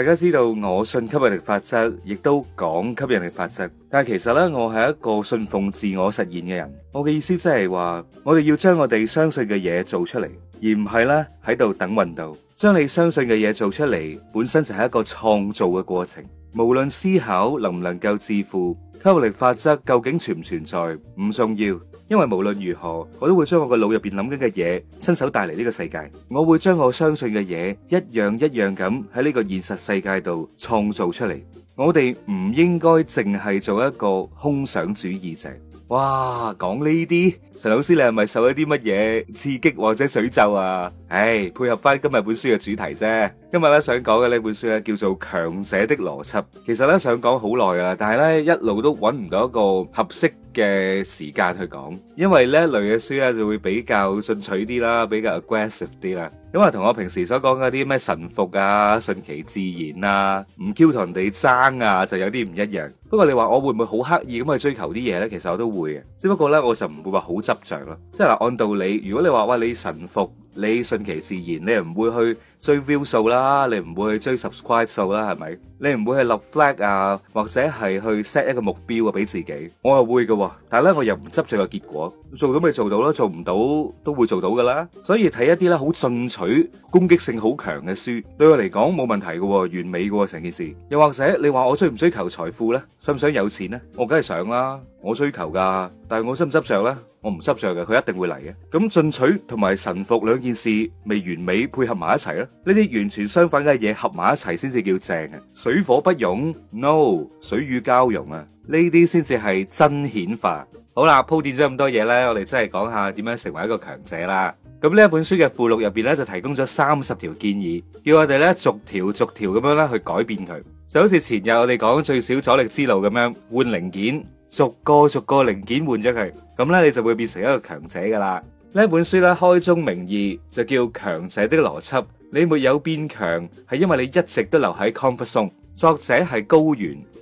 大家知道我信吸引力法則，亦都講吸引力法則。但係其實咧，我係一個信奉自我實現嘅人。我嘅意思即係話，我哋要將我哋相信嘅嘢，做出嚟，而唔係咧喺度等運到。將你相信嘅嘢做出嚟，本身就係一個創造嘅過程。無論思考能唔能夠致富，吸引力法則究竟存唔存在，唔重要。因為無論如何，我都會將我個腦入面諗緊嘅嘢，親手帶嚟呢個世界。我會將我相信嘅嘢，一樣一樣咁喺呢個現實世界度創造出嚟。我哋唔應該淨係做一個空想主義者。哇，講呢啲，陳老師你係咪受咗啲乜嘢刺激或者詛咒啊？唉，配合翻今日本書嘅主題啫。今日咧想講嘅呢本書咧叫做《強者的邏輯》，其實咧想講好耐噶啦，但係咧一路都揾唔到一個合適嘅時間去講，因為呢一類嘅書咧就會比較進取啲啦，比較 aggressive 啲啦。因為同我平時所講嘅啲咩臣服啊、順其自然啊、唔嬲同人哋爭啊就有啲唔一樣。不過你話我會唔會好刻意咁去追求啲嘢呢？其實我都會嘅，只不過呢，我就唔會話好執着咯。即係按道理如果你話喂你臣服，你順其自然，你唔會去追 view 數啦，你唔會去追 subscribe 數啦，係咪？你唔會去立 flag 啊，或者係去 set 一個目標啊俾自己，我又會嘅。但係呢，我又唔執着個結果，做到咪做到咯，做唔到都會做到噶啦。所以睇一啲呢好進取、攻擊性好強嘅書，對我嚟講冇問題嘅，完美嘅成件事。又或者你話我追唔追求財富呢？想唔想有錢呢？我梗係想啦，我追求噶。但係我執唔執着呢？我唔執着嘅，佢一定會嚟嘅。咁進取同埋臣服兩件事未完美配合埋一齊咧，呢啲完全相反嘅嘢合埋一齊先至叫正嘅。水火不容，No，水乳交融啊，呢啲先至係真顯化。好啦，鋪墊咗咁多嘢，呢，我哋真係講下點樣成為一個強者啦。咁呢本書嘅附錄入面呢，就提供咗三十條建議，叫我哋呢逐條逐條咁樣咧去改變佢。就好似前日我哋講最少阻力之路咁樣，換零件，逐個逐個零件換咗佢，咁呢，你就會變成一個強者㗎啦。呢本書呢，開宗明義就叫《強者的邏輯》，你沒有變強，係因為你一直都留喺 c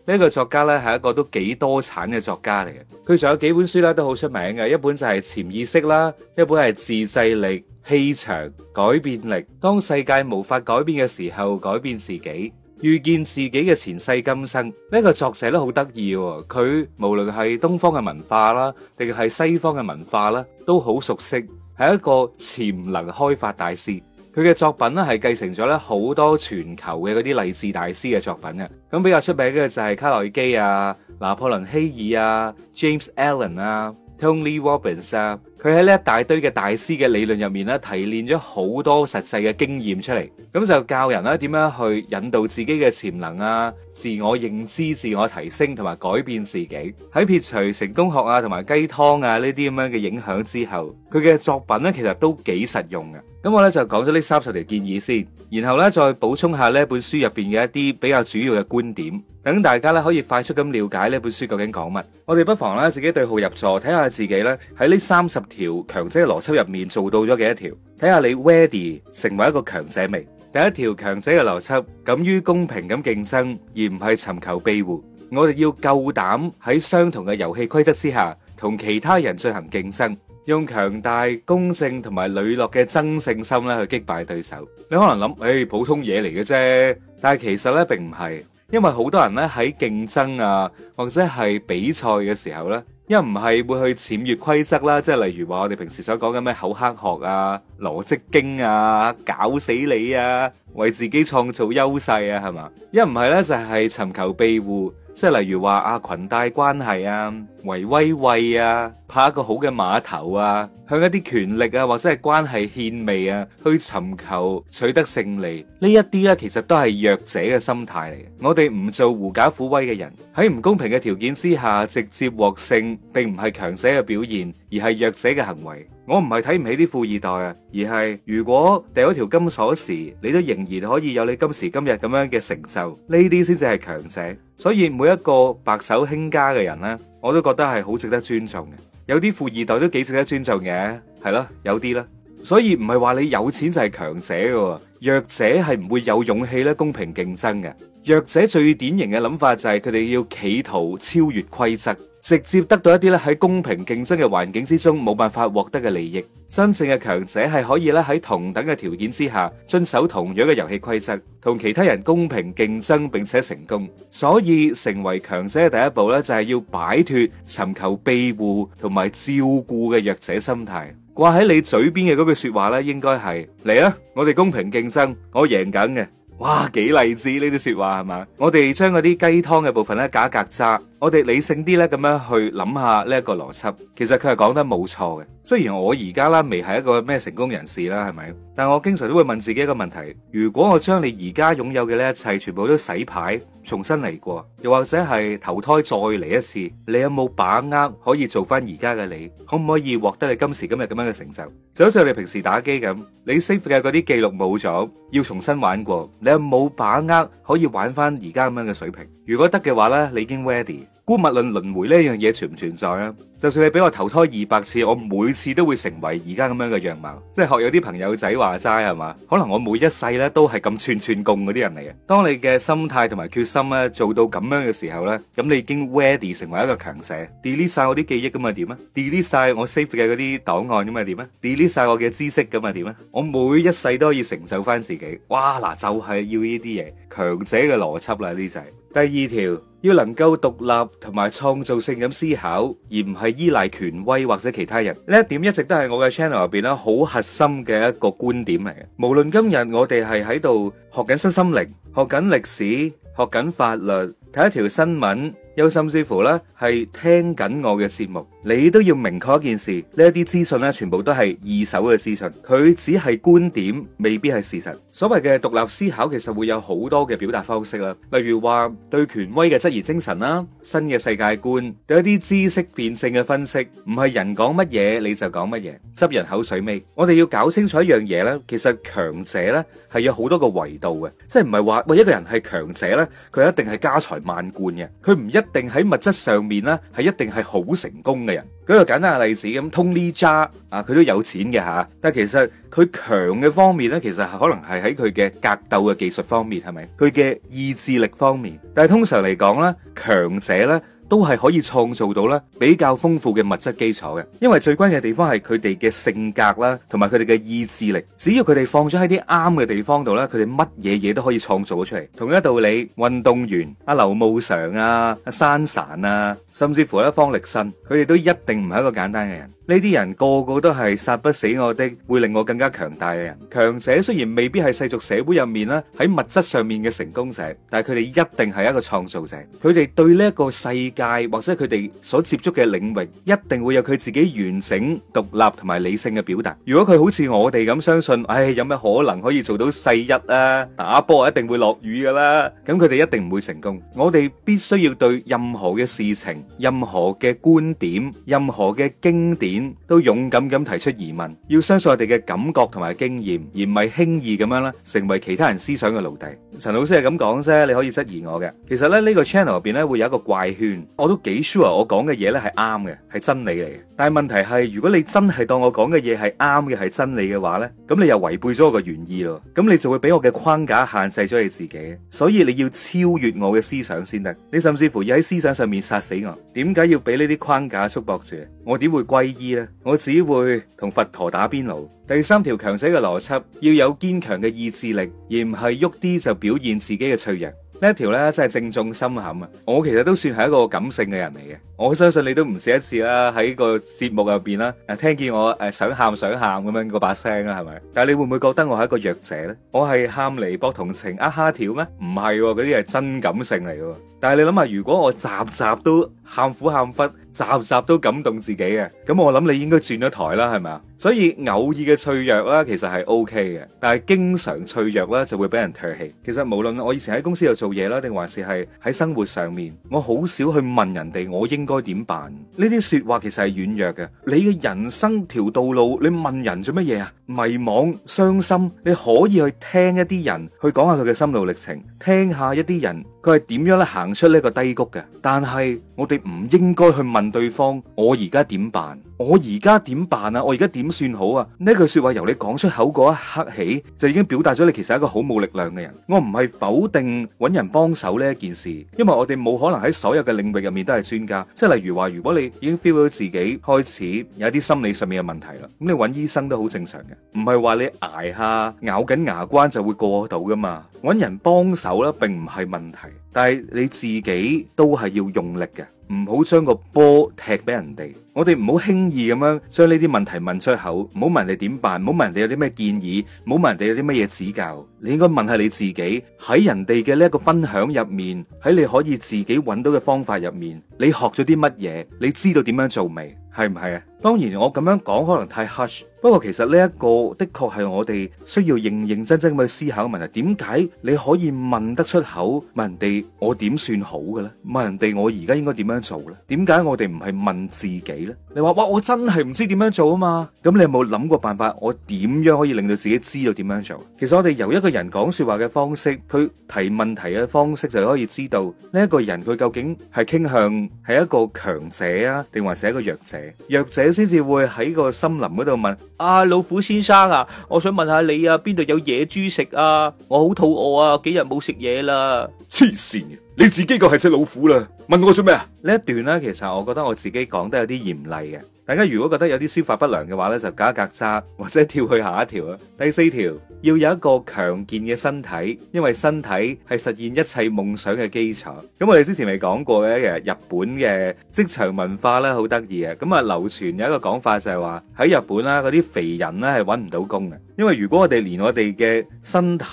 呢一個作家呢係一個都幾多產嘅作家嚟嘅，佢仲有幾本書呢都好出名嘅，一本就係潛意識啦，一本係自制力、氣場、改變力。當世界無法改變嘅時候，改變自己，遇見自己嘅前世今生。呢一個作者都好得意，佢無論係東方嘅文化啦，定係西方嘅文化啦，都好熟悉，係一個潛能開發大師。佢嘅作品咧係繼承咗咧好多全球嘅嗰啲勵志大師嘅作品嘅，咁比較出名嘅就係卡內基啊、拿破崙希爾啊、James Allen 啊。Tony Robbins 啊，佢喺呢一大堆嘅大師嘅理論入面咧，提煉咗好多實際嘅經驗出嚟，咁就教人啦，點樣去引導自己嘅潛能啊，自我認知、自我提升同埋改變自己。喺撇除成功學啊同埋雞湯啊呢啲咁樣嘅影響之後，佢嘅作品咧其實都幾實用嘅。咁我咧就講咗呢三十條建議先，然後咧再補充下呢本書入邊嘅一啲比較主要嘅觀點。等大家咧可以快速咁了解呢本書究竟講乜，我哋不妨咧自己對號入座，睇下自己咧喺呢三十條強者嘅邏輯入面做到咗幾多條，睇下你 ready 成為一個強者未？第一條強者嘅邏輯，敢於公平咁競爭，而唔係尋求庇護。我哋要夠膽喺相同嘅遊戲規則之下，同其他人進行競爭，用強大、公正同埋磊落嘅爭勝心咧去擊敗對手。你可能諗，誒，普通嘢嚟嘅啫，但係其實咧並唔係。因為好多人咧喺競爭啊，或者係比賽嘅時候咧，一唔係會去僭越規則啦，即係例如話我哋平時所講嘅咩口黑學啊、羅織經啊、搞死你啊，為自己創造優勢啊，係嘛？一唔係呢，就係、是、尋求庇護。即係例如話阿裙帶關係啊、唯威畏啊、爬一個好嘅碼頭啊、向一啲權力啊或者係關係獻媚啊，去尋求取得勝利，呢一啲咧其實都係弱者嘅心態嚟。我哋唔做狐假虎威嘅人，喺唔公平嘅條件之下直接獲勝，並唔係強者嘅表現，而係弱者嘅行為。我唔係睇唔起啲富二代啊，而係如果掉咗條金鎖匙，你都仍然可以有你今時今日咁樣嘅成就，呢啲先至係強者。所以每一個白手興家嘅人呢，我都覺得係好值得尊重嘅。有啲富二代都幾值得尊重嘅，係咯，有啲啦。所以唔係話你有錢就係強者嘅，弱者係唔會有勇氣咧公平競爭嘅。弱者最典型嘅諗法就係佢哋要企圖超越規則。直接得到一啲咧喺公平競爭嘅環境之中冇辦法獲得嘅利益，真正嘅強者係可以咧喺同等嘅條件之下，遵守同樣嘅遊戲規則，同其他人公平競爭並且成功。所以成為強者嘅第一步咧，就係要擺脫尋求庇護同埋照顧嘅弱者心態。掛喺你嘴邊嘅嗰句說話咧，應該係嚟啦，我哋公平競爭，我贏緊嘅，哇，幾勵志呢啲說話係嘛？我哋將嗰啲雞湯嘅部分咧，隔一隔渣。我哋理性啲咧，咁樣去諗下呢一個邏輯，其實佢係講得冇錯嘅。雖然我而家啦未係一個咩成功人士啦，係咪？但我經常都會問自己一個問題：如果我將你而家擁有嘅呢一切全部都洗牌，重新嚟過，又或者係投胎再嚟一次，你有冇把握可以做翻而家嘅你？可唔可以獲得你今時今日咁樣嘅成就？就好似你平時打機咁，你識嘅嗰啲記錄冇咗，要重新玩過，你有冇把握可以玩翻而家咁樣嘅水平？如果得嘅話咧，你已經 ready。姑勿論輪回呢樣嘢存唔存在啊？就算你俾我投胎二百次，我每次都會成為而家咁樣嘅樣貌。即係學有啲朋友仔話齋係嘛，可能我每一世咧都係咁串串貢嗰啲人嚟嘅。當你嘅心態同埋決心咧做到咁樣嘅時候咧，咁你已經 ready 成為一個強者。delete 晒我啲記憶咁啊點啊？delete 晒我 safe 嘅嗰啲檔案咁啊點啊？delete 晒我嘅知識咁啊點啊？我每一世都可以成就翻自己。哇嗱，就係要呢啲嘢，強者嘅邏輯啦呢就係。這個第二條要能夠獨立同埋創造性咁思考，而唔係依賴權威或者其他人。呢一點一直都係我嘅 channel 入邊啦，好核心嘅一個觀點嚟嘅。無論今日我哋係喺度學緊身心靈，學緊歷史，學緊法律，睇一條新聞。又甚至乎咧，係聽緊我嘅節目，你都要明確一件事：呢一啲資訊咧，全部都係二手嘅資訊，佢只係觀點，未必係事實。所謂嘅獨立思考，其實會有好多嘅表達方式啦。例如話對權威嘅質疑精神啦，新嘅世界觀，對一啲知識辯證嘅分析，唔係人講乜嘢你就講乜嘢，執人口水尾。我哋要搞清楚一樣嘢咧，其實強者咧係有好多個維度嘅，即係唔係話喂一個人係強者咧，佢一定係家財萬貫嘅，佢唔一。定喺物質上面呢，係一定係好成功嘅人。舉個簡單嘅例子咁，Tony Jaa 啊，佢都有錢嘅吓，但其實佢強嘅方面呢，其實係可能係喺佢嘅格鬥嘅技術方面，係咪佢嘅意志力方面？但係通常嚟講呢，強者呢，都係可以創造到咧，比較豐富嘅物質基礎嘅，因為最關鍵嘅地方係佢哋嘅性格啦，同埋佢哋嘅意志力。只要佢哋放咗喺啲啱嘅地方度咧，佢哋乜嘢嘢都可以創造出嚟。同一道理，運動員阿劉慕裳啊、阿山神啊，甚至乎咧，方力申，佢哋都一定唔係一個簡單嘅人。呢啲人個個都係殺不死我的，會令我更加強大嘅人。強者雖然未必係世俗社會入面啦，喺物質上面嘅成功者，但係佢哋一定係一個創造者。佢哋對呢一個世界或者佢哋所接觸嘅領域，一定會有佢自己完整、獨立同埋理性嘅表達。如果佢好似我哋咁相信，唉，有咩可能可以做到世一啊？打波啊，一定會落雨噶啦。咁佢哋一定唔會成功。我哋必須要對任何嘅事情、任何嘅觀點、任何嘅經典，都勇敢咁提出疑問，要相信我哋嘅感覺同埋經驗，而唔係輕易咁樣啦成為其他人思想嘅奴隸。陳老師係咁講啫，你可以質疑我嘅。其實咧呢個 channel 入邊咧會有一個怪圈，我都幾 sure 我講嘅嘢咧係啱嘅，係真理嚟嘅。但係問題係，如果你真係當我講嘅嘢係啱嘅係真理嘅話咧，咁你又違背咗我嘅原意咯。咁你就會俾我嘅框架限制咗你自己，所以你要超越我嘅思想先得。你甚至乎要喺思想上面殺死我。點解要俾呢啲框架束縛住？我點會歸依？我只會同佛陀打邊爐。第三條強者嘅邏輯，要有堅強嘅意志力，而唔係喐啲就表現自己嘅脆弱。呢一條咧，真係正中心坎啊！我其實都算係一個感性嘅人嚟嘅。我相信你都唔止一次啦，喺個節目入邊啦，聽見我誒想喊想喊咁樣嗰把聲啦，係咪？但係你會唔會覺得我係一個弱者咧？我係喊嚟博同情啊，哈條咩？唔係，嗰啲係真感性嚟嘅。但係你諗下，如果我集集都喊苦喊忽，集集都感動自己嘅，咁我諗你應該轉咗台啦，係咪啊？所以偶爾嘅脆弱啦，其實係 OK 嘅，但係經常脆弱咧就會俾人唾棄。其實無論我以前喺公司度做嘢啦，定還是係喺生活上面，我好少去問人哋我應。應該點辦？呢啲說話其實係軟弱嘅。你嘅人生條道路，你問人做乜嘢啊？迷茫、傷心，你可以去聽一啲人去講下佢嘅心路歷程，聽下一啲人，佢係點樣咧行出呢個低谷嘅？但係我哋唔應該去問對方，我而家點辦？我而家點辦啊？我而家點算好啊？呢句說話由你講出口嗰一刻起，就已經表達咗你其實係一個好冇力量嘅人。我唔係否定揾人幫手呢一件事，因為我哋冇可能喺所有嘅領域入面都係專家。即係例如話，如果你已經 feel 到自己開始有啲心理上面嘅問題啦，咁你揾醫生都好正常嘅，唔係話你挨下咬緊牙關就會過到噶嘛？揾人幫手啦，並唔係問題。但係你自己都係要用力嘅，唔好將個波踢俾人哋。我哋唔好輕易咁樣將呢啲問題問出口，唔好問人哋點辦，唔好問人哋有啲咩建議，唔好問人哋有啲乜嘢指教。你應該問下你自己，喺人哋嘅呢個分享入面，喺你可以自己揾到嘅方法入面，你學咗啲乜嘢？你知道點樣做未？係唔係啊？當然，我咁樣講可能太 hush。不過其實呢一個的確係我哋需要認認真真咁去思考嘅問題。點解你可以問得出口，問人哋？我點算好嘅咧？問人哋我而家應該點樣做咧？點解我哋唔係問自己咧？你話哇，我真係唔知點樣做啊嘛。咁你有冇諗過辦法？我點樣可以令到自己知道點樣做？其實我哋由一個人講説話嘅方式，佢提問題嘅方式，就可以知道呢一個人佢究竟係傾向係一個強者啊，定還是一個弱者？弱者。你先至會喺個森林嗰度問啊，老虎先生啊，我想問下你啊，邊度有野豬食啊？我好肚餓啊，幾日冇食嘢啦！黐綫，你自己個係隻老虎啦，問我做咩啊？呢一段咧，其實我覺得我自己講得有啲嚴厲嘅。大家如果覺得有啲消化不良嘅話呢，就加格夾渣或者跳去下一條啦。第四條要有一個強健嘅身體，因為身體係實現一切夢想嘅基礎。咁、嗯、我哋之前咪講過嘅，日本嘅職場文化呢，好得意啊。咁啊流傳有一個講法就係話喺日本啦，嗰啲肥人呢，係揾唔到工嘅，因為如果我哋連我哋嘅身體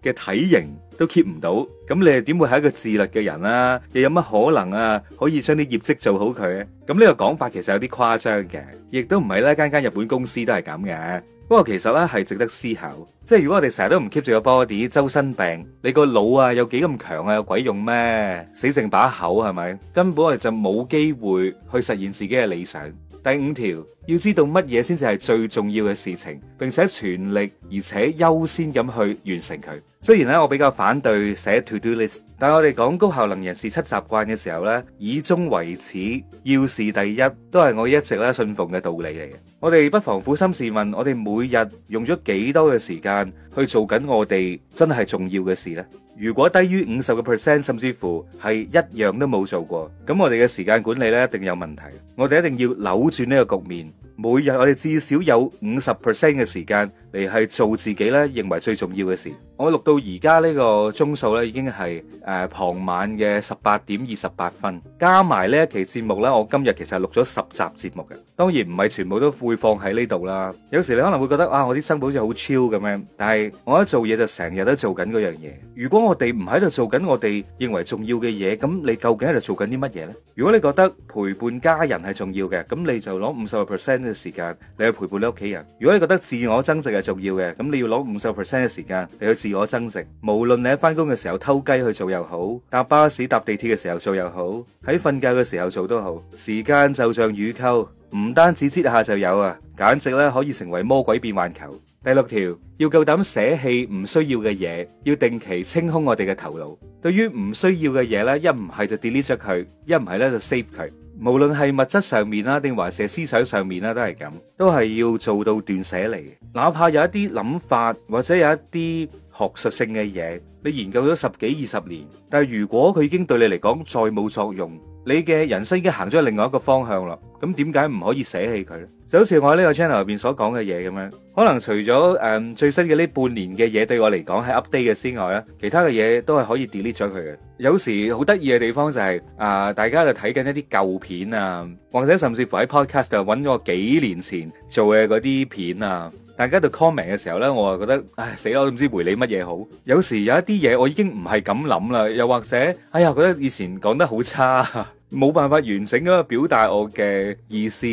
嘅體型都 keep 唔到。咁你哋點會係一個自律嘅人啦，啊？又有乜可能啊？可以將啲業績做好佢？咁呢個講法其實有啲誇張嘅，亦都唔係呢間間日本公司都係咁嘅。不過其實呢係值得思考，即係如果我哋成日都唔 keep 住個 body，周身病，你個腦啊有幾咁強啊？有鬼用咩？死剩把口係咪？根本我哋就冇機會去實現自己嘅理想。第五條，要知道乜嘢先至係最重要嘅事情，並且全力而且優先咁去完成佢。雖然咧我比較反對寫 to do list，但係我哋講高效能人士七習慣嘅時候呢，以終為始、要事第一都係我一直咧信奉嘅道理嚟嘅。我哋不妨苦心試問，我哋每日用咗幾多嘅時間去做緊我哋真係重要嘅事呢？如果低於五十個 percent，甚至乎係一樣都冇做過，咁我哋嘅時間管理咧一定有問題。我哋一定要扭轉呢個局面。每日我哋至少有五十 percent 嘅時間嚟係做自己咧，認為最重要嘅事。我錄到而家呢個鐘數咧，已經係誒傍晚嘅十八點二十八分。加埋呢一期節目咧，我今日其實係錄咗十集節目嘅。當然唔係全部都會放喺呢度啦。有時你可能會覺得啊，我啲生活好似好 chill 咁樣，但係我一做嘢就成日都做緊嗰樣嘢。如果我哋唔喺度做緊我哋認為重要嘅嘢，咁你究竟喺度做緊啲乜嘢呢？如果你覺得陪伴家人係重要嘅，咁你就攞五十個 percent。時間你去陪伴你屋企人。如果你覺得自我增值係重要嘅，咁你要攞五十 percent 嘅時間嚟去自我增值。無論你喺翻工嘅時候偷雞去做又好，搭巴士、搭地鐵嘅時候做又好，喺瞓覺嘅時候做都好。時間就像雨溝，唔單止接下就有啊，簡直咧可以成為魔鬼變幻球。第六條要夠膽捨棄唔需要嘅嘢，要定期清空我哋嘅頭腦。對於唔需要嘅嘢咧，一唔係就 delete 咗佢，一唔係咧就 save 佢。無論係物質上面啦，定還是，是思想上面啦，都係咁，都係要做到斷捨離。哪怕有一啲諗法，或者有一啲學術性嘅嘢，你研究咗十幾二十年，但係如果佢已經對你嚟講再冇作用，你嘅人生已經行咗另外一個方向啦，咁點解唔可以捨棄佢咧？就好似我喺呢個 channel 入邊所講嘅嘢咁樣，可能除咗誒、嗯、最新嘅呢半年嘅嘢對我嚟講係 update 嘅之外咧，其他嘅嘢都係可以 delete 咗佢嘅。有時好得意嘅地方就係、是、啊、呃，大家就睇緊一啲舊片啊，或者甚至乎喺 podcast 度揾咗我幾年前做嘅嗰啲片啊，大家喺度 comment 嘅時候呢，我就覺得唉死啦，我都唔知回你乜嘢好。有時有一啲嘢我已經唔係咁諗啦，又或者哎呀覺得以前講得好差，啊。冇辦法完整咁樣表達我嘅意思，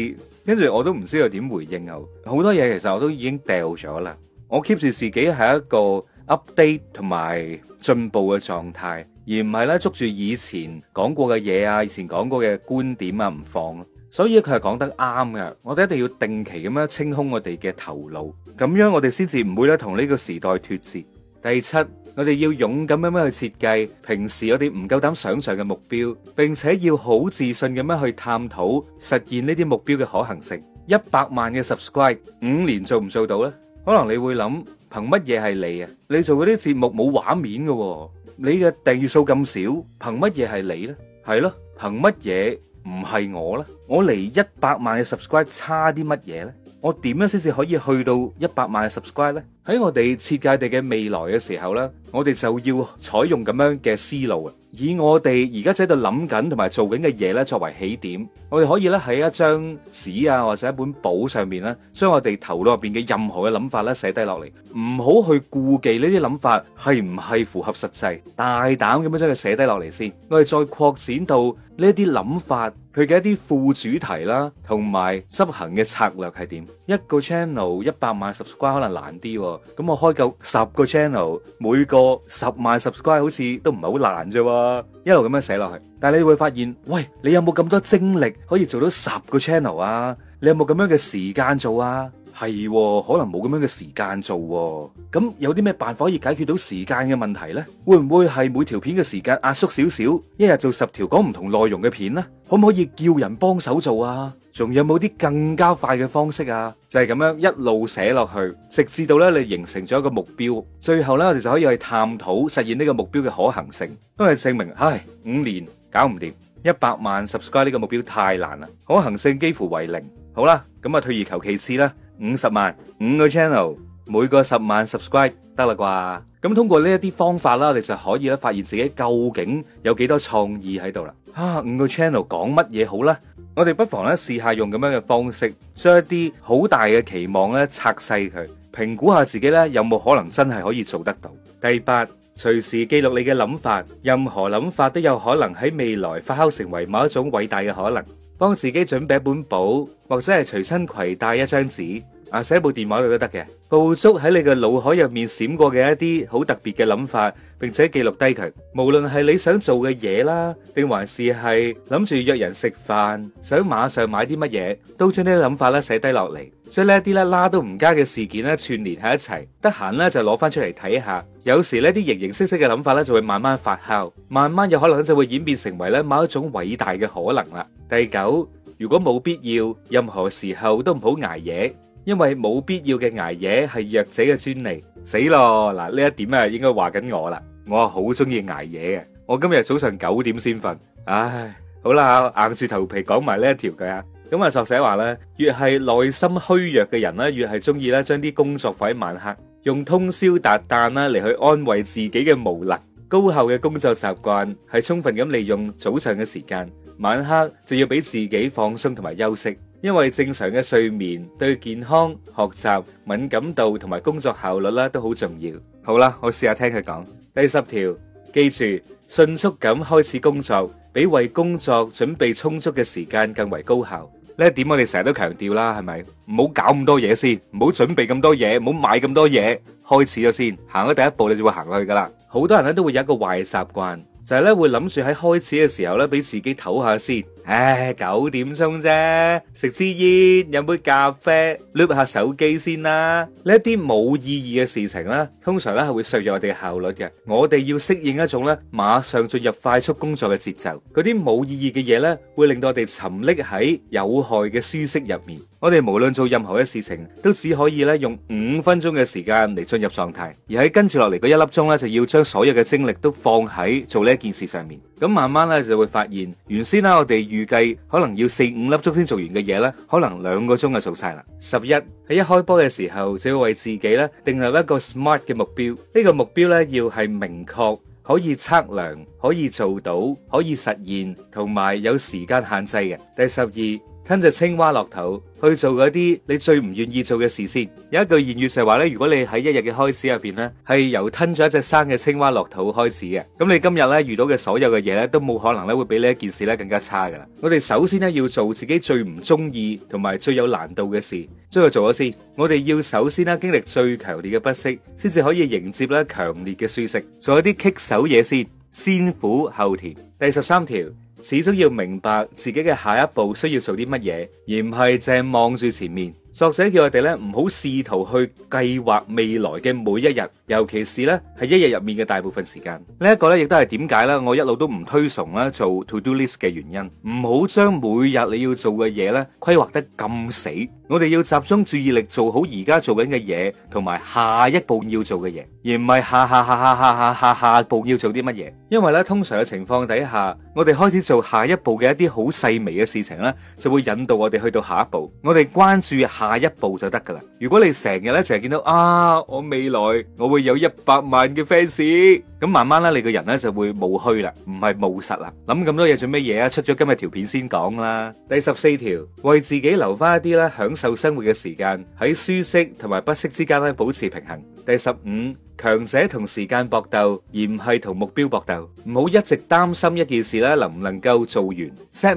跟住我都唔知道點回應啊！好多嘢其實我都已經掉咗啦。我 keep 住自己係一個 update 同埋進步嘅狀態，而唔係咧捉住以前講過嘅嘢啊，以前講過嘅觀點啊唔放。所以佢係講得啱嘅，我哋一定要定期咁樣清空我哋嘅頭腦，咁樣我哋先至唔會咧同呢個時代脫節。第七。我哋要勇敢咁樣去設計平時我哋唔夠膽想象嘅目標，並且要好自信咁樣去探討實現呢啲目標嘅可行性。一百萬嘅 subscribe 五年做唔做到呢？可能你會諗，憑乜嘢係你啊？你做嗰啲節目冇畫面嘅，哦，你嘅訂閱數咁少，憑乜嘢係你呢？係咯，憑乜嘢唔係我呢？我嚟一百萬嘅 subscribe 差啲乜嘢呢？我點樣先至可以去到一百萬 subscribe 呢？喺我哋設計地嘅未來嘅時候呢，我哋就要採用咁樣嘅思路啊！以我哋而家喺度諗緊同埋做緊嘅嘢咧，作為起點，我哋可以咧喺一張紙啊或者一本簿上面呢，將我哋頭腦入邊嘅任何嘅諗法呢寫低落嚟，唔好去顧忌呢啲諗法係唔係符合實際，大膽咁樣將佢寫低落嚟先，我哋再擴展到呢啲諗法。佢嘅一啲副主題啦，同埋執行嘅策略係點？一個 channel 一百萬 subscribe 可能難啲，咁我開夠十個 channel，每個十萬 subscribe 好似都唔係好難啫喎，一路咁樣寫落去。但係你會發現，喂，你有冇咁多精力可以做到十個 channel 啊？你有冇咁樣嘅時間做啊？係、哦、可能冇咁樣嘅時間做、哦，咁有啲咩辦法可以解決到時間嘅問題呢？會唔會係每條片嘅時間壓縮少少，一日做十條講唔同內容嘅片呢？可唔可以叫人幫手做啊？仲有冇啲更加快嘅方式啊？就係、是、咁樣一路寫落去，直至到咧你形成咗一個目標，最後咧我哋就可以去探討實現呢個目標嘅可行性。因為證明唉，五年搞唔掂，一百萬訂閱呢個目標太難啦，可行性幾乎為零。好啦，咁啊退而求其次啦。五十萬五個 channel，每個十萬 subscribe 得啦啩？咁通過呢一啲方法啦，你就可以咧發現自己究竟有幾多創意喺度啦。啊，五個 channel 講乜嘢好咧？我哋不妨咧試下用咁樣嘅方式，將一啲好大嘅期望咧拆細佢，評估下自己咧有冇可能真係可以做得到。第八，隨時記錄你嘅諗法，任何諗法都有可能喺未來發酵成為某一種偉大嘅可能。幫自己準備一本簿，或者係隨身攜帶一張紙。啊！寫部電話佢都得嘅，捕捉喺你嘅腦海入面閃過嘅一啲好特別嘅諗法，並且記錄低佢。無論係你想做嘅嘢啦，定還是係諗住約人食飯，想馬上買啲乜嘢，都將呢啲諗法啦寫低落嚟。將呢一啲啦拉都唔加嘅事件啦串連喺一齊，得閒咧就攞翻出嚟睇下。有時呢啲形形色色嘅諗法咧就會慢慢發酵，慢慢有可能就會演變成為咧某一種偉大嘅可能啦。第九，如果冇必要，任何時候都唔好挨夜。因為冇必要嘅挨夜係弱者嘅專利，死咯！嗱呢一點啊，應該話緊我啦，我好中意挨夜嘅，我今日早上九點先瞓，唉，好啦，硬住頭皮講埋呢一條嘅。咁啊作者話咧，越係內心虛弱嘅人咧，越係中意咧將啲工作放喺晚黑，用通宵達旦啦嚟，去安慰自己嘅無力。高效嘅工作習慣係充分咁利用早上嘅時間，晚黑就要俾自己放鬆同埋休息。因為正常嘅睡眠對健康、學習、敏感度同埋工作效率啦都好重要。好啦，我試下聽佢講第十條，記住迅速咁開始工作，比為工作準備充足嘅時間更為高效。呢一點我哋成日都強調啦，係咪？唔好搞咁多嘢先，唔好準備咁多嘢，唔好買咁多嘢，開始咗先，行咗第一步你就會行落去噶啦。好多人咧都會有一個壞習慣，就係咧會諗住喺開始嘅時候咧俾自己唞下先。唉，九點鐘啫，食支煙，飲杯咖啡，碌下手機先啦。呢一啲冇意義嘅事情咧，通常咧係會削弱我哋效率嘅。我哋要適應一種咧，馬上進入快速工作嘅節奏。嗰啲冇意義嘅嘢咧，會令到我哋沉溺喺有害嘅舒適入面。我哋無論做任何嘅事情，都只可以咧用五分鐘嘅時間嚟進入狀態，而喺跟住落嚟嗰一粒鐘咧，就要將所有嘅精力都放喺做呢件事上面。咁慢慢咧就會發現，原先啦我哋預計可能要四五粒鐘先做完嘅嘢咧，可能兩個鐘就做曬啦。十一，喺一開波嘅時候就要為自己咧定立一個 smart 嘅目標，呢個目標咧要係明確、可以測量、可以做到、可以實現同埋有時間限制嘅。第十二。吞隻青蛙落肚，去做嗰啲你最唔願意做嘅事先。有一句言語就係話咧，如果你喺一日嘅開始入邊咧係由吞咗一隻生嘅青蛙落肚開始嘅，咁你今日咧遇到嘅所有嘅嘢咧都冇可能咧會比呢一件事咧更加差噶啦。我哋首先咧要做自己最唔中意同埋最有難度嘅事，將佢做咗先。我哋要首先咧經歷最強烈嘅不適，先至可以迎接咧強烈嘅舒適。做一啲棘手嘢先，先苦後甜。第十三條。始終要明白自己嘅下一步需要做啲乜嘢，而唔係淨係望住前面。作者叫我哋咧唔好試圖去計劃未來嘅每一日，尤其是咧係一日入面嘅大部分時間。呢一個咧亦都係點解咧，我一路都唔推崇啦做 to do list 嘅原因。唔好將每日你要做嘅嘢咧規劃得咁死。我哋要集中注意力做好而家做緊嘅嘢，同埋下一步要做嘅嘢，而唔係下下下下下下下下一步要做啲乜嘢？因為咧，通常嘅情況底下，我哋開始做下一步嘅一啲好細微嘅事情咧，就會引導我哋去到下一步。我哋關注下一步就得噶啦。如果你成日咧淨係見到啊，我未來我會有一百萬嘅 fans，咁慢慢咧你個人咧就會冇虛啦，唔係務實啦。諗咁多嘢做咩嘢啊？出咗今日條片先講啦。第十四條，為自己留翻一啲咧享。享受生活嘅時間，喺舒適同埋不適之間咧保持平衡。第十五，強者同時間搏鬥，而唔係同目標搏鬥。唔好一直擔心一件事咧能唔能夠做完。set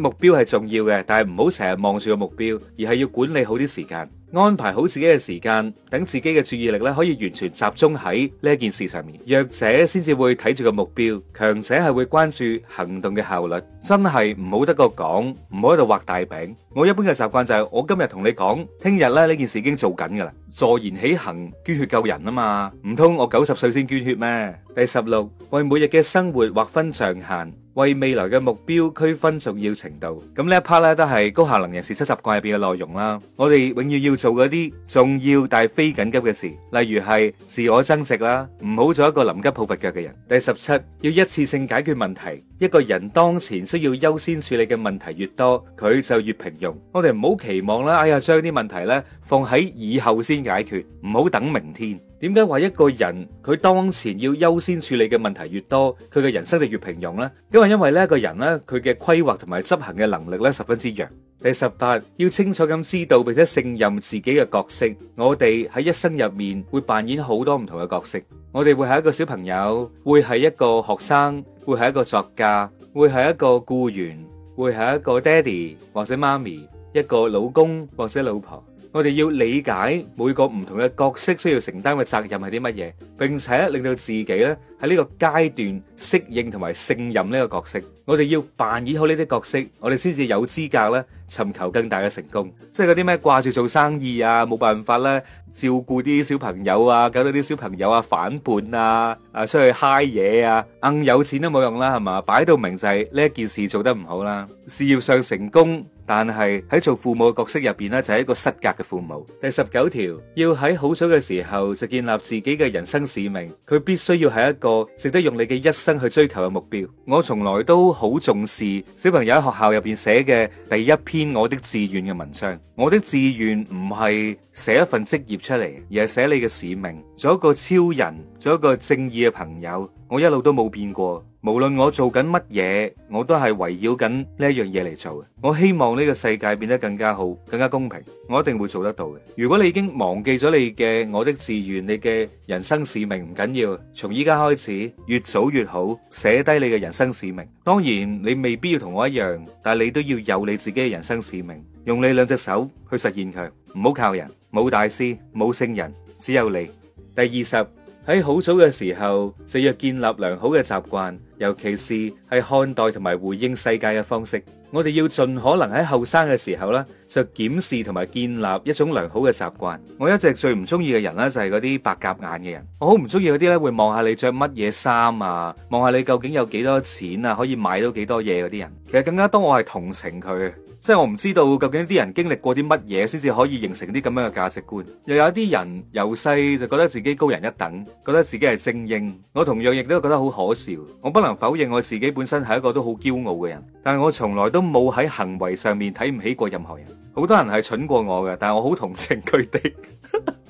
安排好自己嘅時間，等自己嘅注意力咧可以完全集中喺呢件事上面。弱者先至會睇住個目標，強者係會關注行動嘅效率。真係唔好得個講，唔好喺度畫大餅。我一般嘅習慣就係我今日同你講，聽日咧呢件事已經做緊噶啦，坐言起行，捐血救人啊嘛。唔通我九十歲先捐血咩？第十六，為每日嘅生活劃分上限。為未來嘅目標區分重要程度，咁呢一 part 咧都係高效能人士七習慣入邊嘅內容啦。我哋永遠要做嗰啲重要但係非緊急嘅事，例如係自我增值啦，唔好做一個臨急抱佛腳嘅人。第十七，要一次性解決問題。一個人當前需要優先處理嘅問題越多，佢就越平庸。我哋唔好期望啦，哎呀，將啲問題呢放喺以後先解決，唔好等明天。點解話一個人佢當前要優先處理嘅問題越多，佢嘅人生就越平庸呢？因為因為呢一個人咧，佢嘅規劃同埋執行嘅能力咧，十分之弱。第十八，要清楚咁知道並且勝任自己嘅角色。我哋喺一生入面會扮演好多唔同嘅角色。我哋會係一個小朋友，會係一個學生，會係一個作家，會係一個僱員，會係一個爹哋或者媽咪，一個老公或者老婆。我哋要理解每個唔同嘅角色需要承擔嘅責任係啲乜嘢，並且令到自己咧喺呢個階段適應同埋勝任呢個角色。我哋要扮演好呢啲角色，我哋先至有資格咧，尋求更大嘅成功。即係嗰啲咩掛住做生意啊，冇辦法咧照顧啲小朋友啊，搞到啲小朋友啊反叛啊，啊出去嗨嘢啊，硬有錢都冇用啦，係嘛？擺到明就係呢一件事做得唔好啦。事業上成功，但係喺做父母嘅角色入邊咧，就係一個失格嘅父母。第十九條，要喺好早嘅時候就建立自己嘅人生使命，佢必須要係一個值得用你嘅一生去追求嘅目標。我從來都。好重視小朋友喺學校入邊寫嘅第一篇我的志願嘅文章。我的志願唔係寫一份職業出嚟，而係寫你嘅使命。做一個超人，做一個正義嘅朋友，我一路都冇變過。無論我做緊乜嘢，我都係圍繞緊呢一樣嘢嚟做嘅。我希望呢個世界變得更加好，更加公平。我一定會做得到嘅。如果你已經忘記咗你嘅我的志願，你嘅人生使命唔緊要，從依家開始，越早越好，寫低你嘅人生使命。當然你未必要同我一樣，但係你都要有你自己嘅人生使命，用你兩隻手去實現佢，唔好靠人，冇大師，冇聖人，只有你。第二十。喺好早嘅時候就要建立良好嘅習慣，尤其是係看待同埋回應世界嘅方式。我哋要盡可能喺後生嘅時候咧，就檢視同埋建立一種良好嘅習慣。我一直最唔中意嘅人咧就係嗰啲白鴿眼嘅人，我好唔中意嗰啲咧會望下你着乜嘢衫啊，望下你究竟有幾多錢啊，可以買到幾多嘢嗰啲人。其實更加多我係同情佢。即係我唔知道究竟啲人經歷過啲乜嘢先至可以形成啲咁樣嘅價值觀，又有啲人由細就覺得自己高人一等，覺得自己係精英。我同樣亦都覺得好可笑。我不能否認我自己本身係一個都好驕傲嘅人，但係我從來都冇喺行為上面睇唔起過任何人。好多人係蠢過我嘅，但係我好同情佢哋。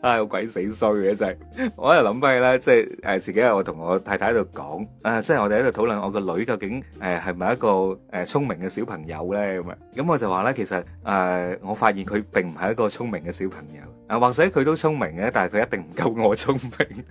唉，好鬼死衰嘅一陣，我喺度諗翻起咧，即係誒，自己我同我太太喺度講，啊，即係我哋喺度討論我個女究竟誒係咪一個誒聰明嘅小朋友咧咁啊？咁我就話咧，其實誒我發現佢並唔係一個聰明嘅小朋友，啊，或者佢都聰明嘅，但係佢一定唔夠我聰明。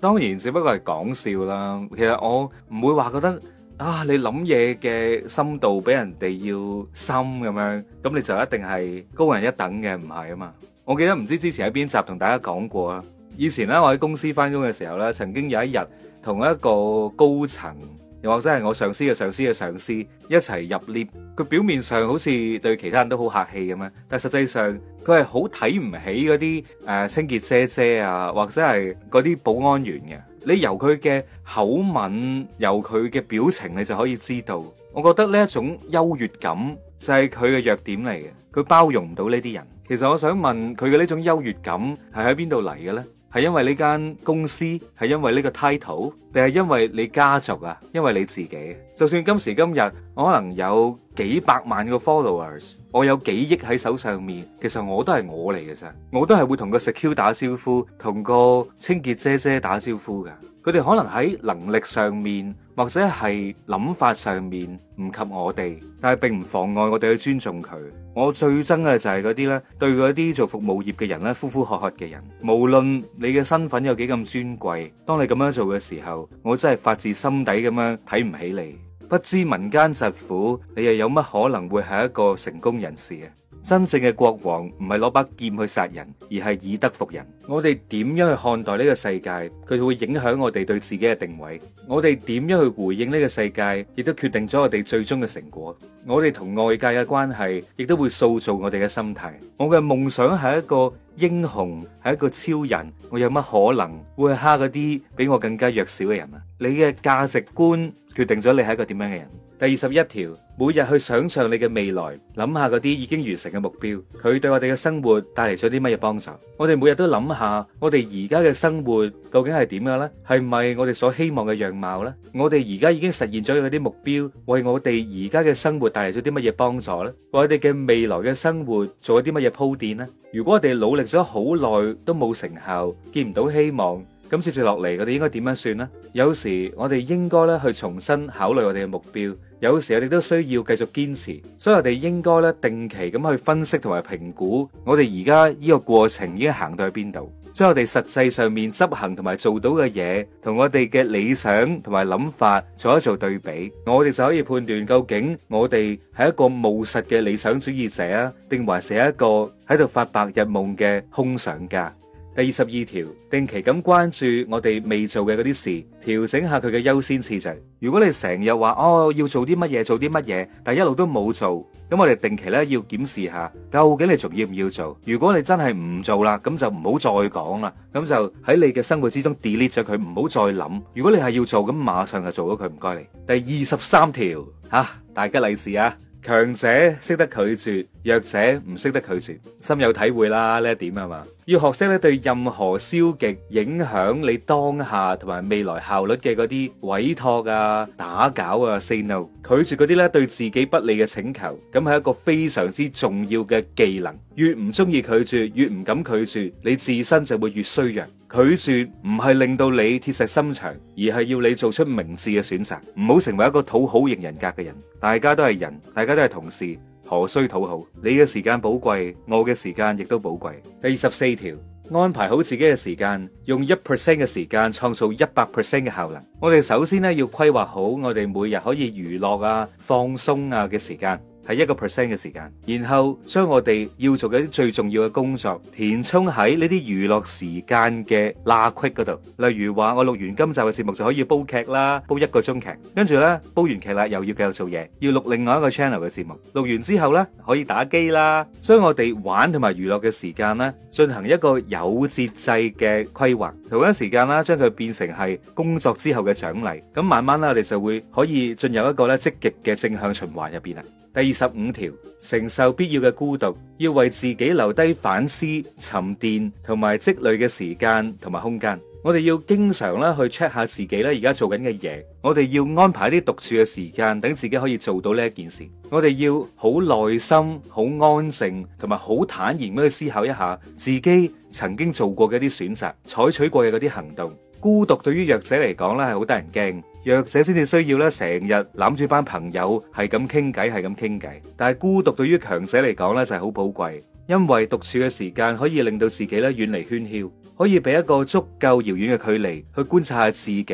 當然，只不過係講笑啦。其實我唔會話覺得啊，你諗嘢嘅深度比人哋要深咁樣，咁你就一定係高人一等嘅，唔係啊嘛？我記得唔知之前喺邊集同大家講過啊。以前咧，我喺公司翻工嘅時候咧，曾經有一日，同一個高層，又或者係我上司嘅上司嘅上司一齊入 lift。佢表面上好似對其他人都好客氣咁樣，但係實際上佢係好睇唔起嗰啲誒清潔姐姐啊，或者係嗰啲保安員嘅。你由佢嘅口吻，由佢嘅表情，你就可以知道。我覺得呢一種優越感就係佢嘅弱點嚟嘅，佢包容唔到呢啲人。其實我想問佢嘅呢種優越感係喺邊度嚟嘅呢？係因為呢間公司，係因為呢個 title，定係因為你家族啊？因為你自己？就算今時今日，我可能有幾百萬個 followers，我有幾億喺手上面，其實我都係我嚟嘅啫，我都係會同個 secure 打招呼，同個清潔姐姐打招呼㗎。佢哋可能喺能力上面或者係諗法上面唔及我哋，但係並唔妨礙我哋去尊重佢。我最憎嘅就係嗰啲咧，對嗰啲做服務業嘅人咧，呼呼喝喝嘅人，無論你嘅身份有幾咁尊貴，當你咁樣做嘅時候，我真係發自心底咁樣睇唔起你。不知民間疾苦，你又有乜可能會係一個成功人士啊？真正嘅國王唔係攞把劍去殺人，而係以德服人。我哋點樣去看待呢個世界，佢會影響我哋對自己嘅定位。我哋點樣去回應呢個世界，亦都決定咗我哋最終嘅成果。我哋同外界嘅關係，亦都會塑造我哋嘅心態。我嘅夢想係一個英雄，係一個超人。我有乜可能會蝦嗰啲比我更加弱小嘅人啊？你嘅價值觀決定咗你係一個點樣嘅人。第二十一條，每日去想象你嘅未來，諗下嗰啲已經完成嘅目標，佢對我哋嘅生活帶嚟咗啲乜嘢幫助？我哋每日都諗下，我哋而家嘅生活究竟係點樣呢？係咪我哋所希望嘅樣貌呢？我哋而家已經實現咗嗰啲目標，為我哋而家嘅生活帶嚟咗啲乜嘢幫助呢？為我哋嘅未來嘅生活做咗啲乜嘢鋪墊呢？如果我哋努力咗好耐都冇成效，見唔到希望，咁接住落嚟我哋應該點樣算呢？有時我哋應該咧去重新考慮我哋嘅目標。有時我哋都需要繼續堅持，所以我哋應該咧定期咁去分析同埋評估我哋而家呢個過程已經行到去邊度，將我哋實際上面執行同埋做到嘅嘢，同我哋嘅理想同埋諗法做一做對比，我哋就可以判斷究竟我哋係一個務實嘅理想主義者啊，定還是一個喺度發白日夢嘅空想家。第二十二條，定期咁關注我哋未做嘅嗰啲事，調整下佢嘅優先次序。如果你成日話哦要做啲乜嘢做啲乜嘢，但一路都冇做，咁我哋定期咧，要檢視下，究竟你仲要唔要做？如果你真係唔做啦，咁就唔好再講啦，咁就喺你嘅生活之中 delete 咗佢，唔好再諗。如果你係要做，咁馬上就做咗佢，唔該你。第二十三條，吓、啊，大吉利是啊！強者識得拒絕，弱者唔識得拒絕，深有體會啦。呢一點係嘛，要學識咧對任何消極影響你當下同埋未來效率嘅嗰啲委託啊、打攪啊，Say No，拒絕嗰啲咧對自己不利嘅請求，咁係一個非常之重要嘅技能。越唔中意拒絕，越唔敢拒絕，你自身就會越衰弱。拒絕唔係令到你鐵石心腸，而係要你做出明智嘅選擇，唔好成為一個討好型人格嘅人。大家都係人，大家都係同事，何須討好？你嘅時間寶貴，我嘅時間亦都寶貴。第二十四條，安排好自己嘅時間，用一 percent 嘅時間創造一百 percent 嘅效能。我哋首先呢，要規劃好我哋每日可以娛樂啊、放鬆啊嘅時間。係一個 percent 嘅時間，然後將我哋要做嘅最重要嘅工作，填充喺呢啲娛樂時間嘅罅隙嗰度。例如話，我錄完今集嘅節目就可以煲劇啦，煲一個鐘劇，跟住呢，煲完劇啦，又要繼續做嘢，要錄另外一個 channel 嘅節目。錄完之後呢，可以打機啦，將我哋玩同埋娛樂嘅時間呢，進行一個有節制嘅規劃，同一時間啦，將佢變成係工作之後嘅獎勵。咁慢慢啦，我哋就會可以進入一個咧積極嘅正向循環入邊啊！第二十五條，承受必要嘅孤獨，要為自己留低反思、沉澱同埋積累嘅時間同埋空間。我哋要經常咧去 check 下自己咧而家做緊嘅嘢。我哋要安排啲獨處嘅時間，等自己可以做到呢一件事。我哋要好耐心、好安靜同埋好坦然咁去思考一下自己曾經做過嘅一啲選擇、採取過嘅嗰啲行動。孤獨對於弱者嚟講咧係好得人驚。弱者先至需要咧，成日攬住班朋友係咁傾偈，係咁傾偈。但係孤獨對於強者嚟講咧，就係好寶貴，因為獨處嘅時間可以令到自己咧遠離喧囂，可以俾一個足夠遙遠嘅距離去觀察下自己，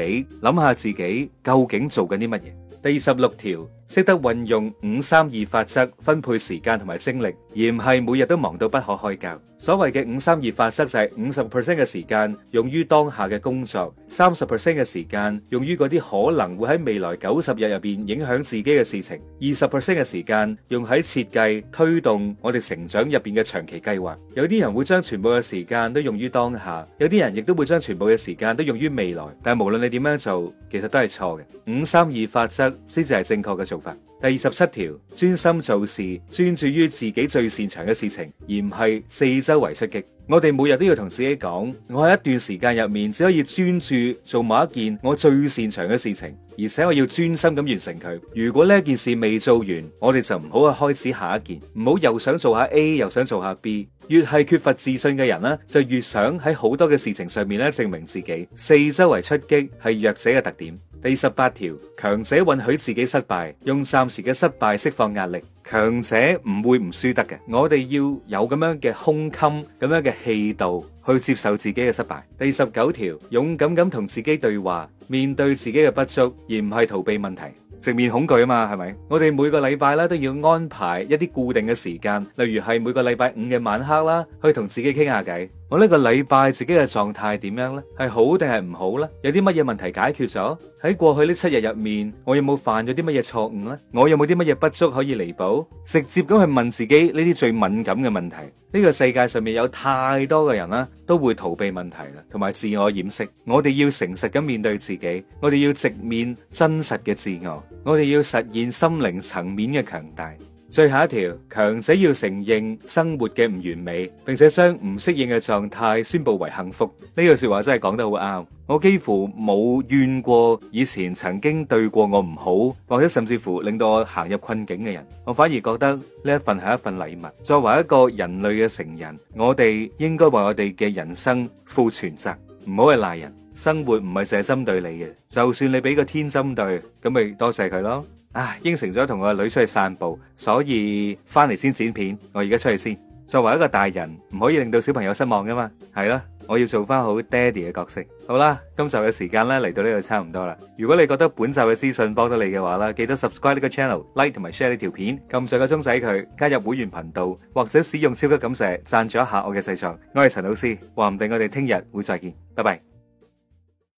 諗下自己究竟做緊啲乜嘢。第十六條。識得運用五三二法則分配時間同埋精力，而唔係每日都忙到不可開交。所謂嘅五三二法則就係五十 percent 嘅時間用於當下嘅工作，三十 percent 嘅時間用於嗰啲可能會喺未來九十日入邊影響自己嘅事情，二十 percent 嘅時間用喺設計推動我哋成長入邊嘅長期計劃。有啲人會將全部嘅時間都用於當下，有啲人亦都會將全部嘅時間都用於未來。但係無論你點樣做，其實都係錯嘅。五三二法則先至係正確嘅做法。第二十七條，專心做事，專注於自己最擅長嘅事情，而唔係四周圍出擊。我哋每日都要同自己講，我喺一段時間入面，只可以專注做某一件我最擅長嘅事情，而且我要專心咁完成佢。如果呢件事未做完，我哋就唔好去開始下一件，唔好又想做下 A，又想做下 B。越係缺乏自信嘅人咧，就越想喺好多嘅事情上面咧證明自己。四周圍出擊係弱者嘅特點。第十八條，強者允許自己失敗，用暫時嘅失敗釋放壓力。強者唔會唔輸得嘅。我哋要有咁樣嘅胸襟，咁樣嘅氣度去接受自己嘅失敗。第十九條，勇敢咁同自己對話，面對自己嘅不足，而唔係逃避問題，直面恐懼啊嘛，係咪？我哋每個禮拜啦都要安排一啲固定嘅時間，例如係每個禮拜五嘅晚黑啦，去同自己傾下偈。我呢個禮拜自己嘅狀態點樣呢？係好定係唔好呢？有啲乜嘢問題解決咗？喺過去呢七日入面，我有冇犯咗啲乜嘢錯誤呢？我有冇啲乜嘢不足可以彌補？直接咁去問自己呢啲最敏感嘅問題。呢個世界上面有太多嘅人啦，都會逃避問題啦，同埋自我掩飾。我哋要誠實咁面對自己，我哋要直面真實嘅自我，我哋要實現心靈層面嘅強大。最後一條，強者要承認生活嘅唔完美，並且將唔適應嘅狀態宣布為幸福。呢句說話真係講得好啱。我幾乎冇怨過以前曾經對過我唔好，或者甚至乎令到我行入困境嘅人，我反而覺得呢一份係一份禮物。作為一個人類嘅成人，我哋應該為我哋嘅人生負全責，唔好去賴人。生活唔係成日針對你嘅，就算你俾個天針對，咁咪多謝佢咯。啊，應承咗同個女出去散步，所以翻嚟，先剪片。我而家出去先。作為一個大人，唔可以令到小朋友失望噶嘛。係啦，我要做翻好爹地嘅角色。好啦，今集嘅時間呢，嚟到呢度差唔多啦。如果你覺得本集嘅資訊幫到你嘅話啦，記得 subscribe 呢個 channel，like、同埋 share 呢條片，撳上個鐘仔佢，加入會員頻道或者使用超級感謝贊助一下我嘅製作。我係陳老 C，話唔定我哋聽日會再見。拜拜。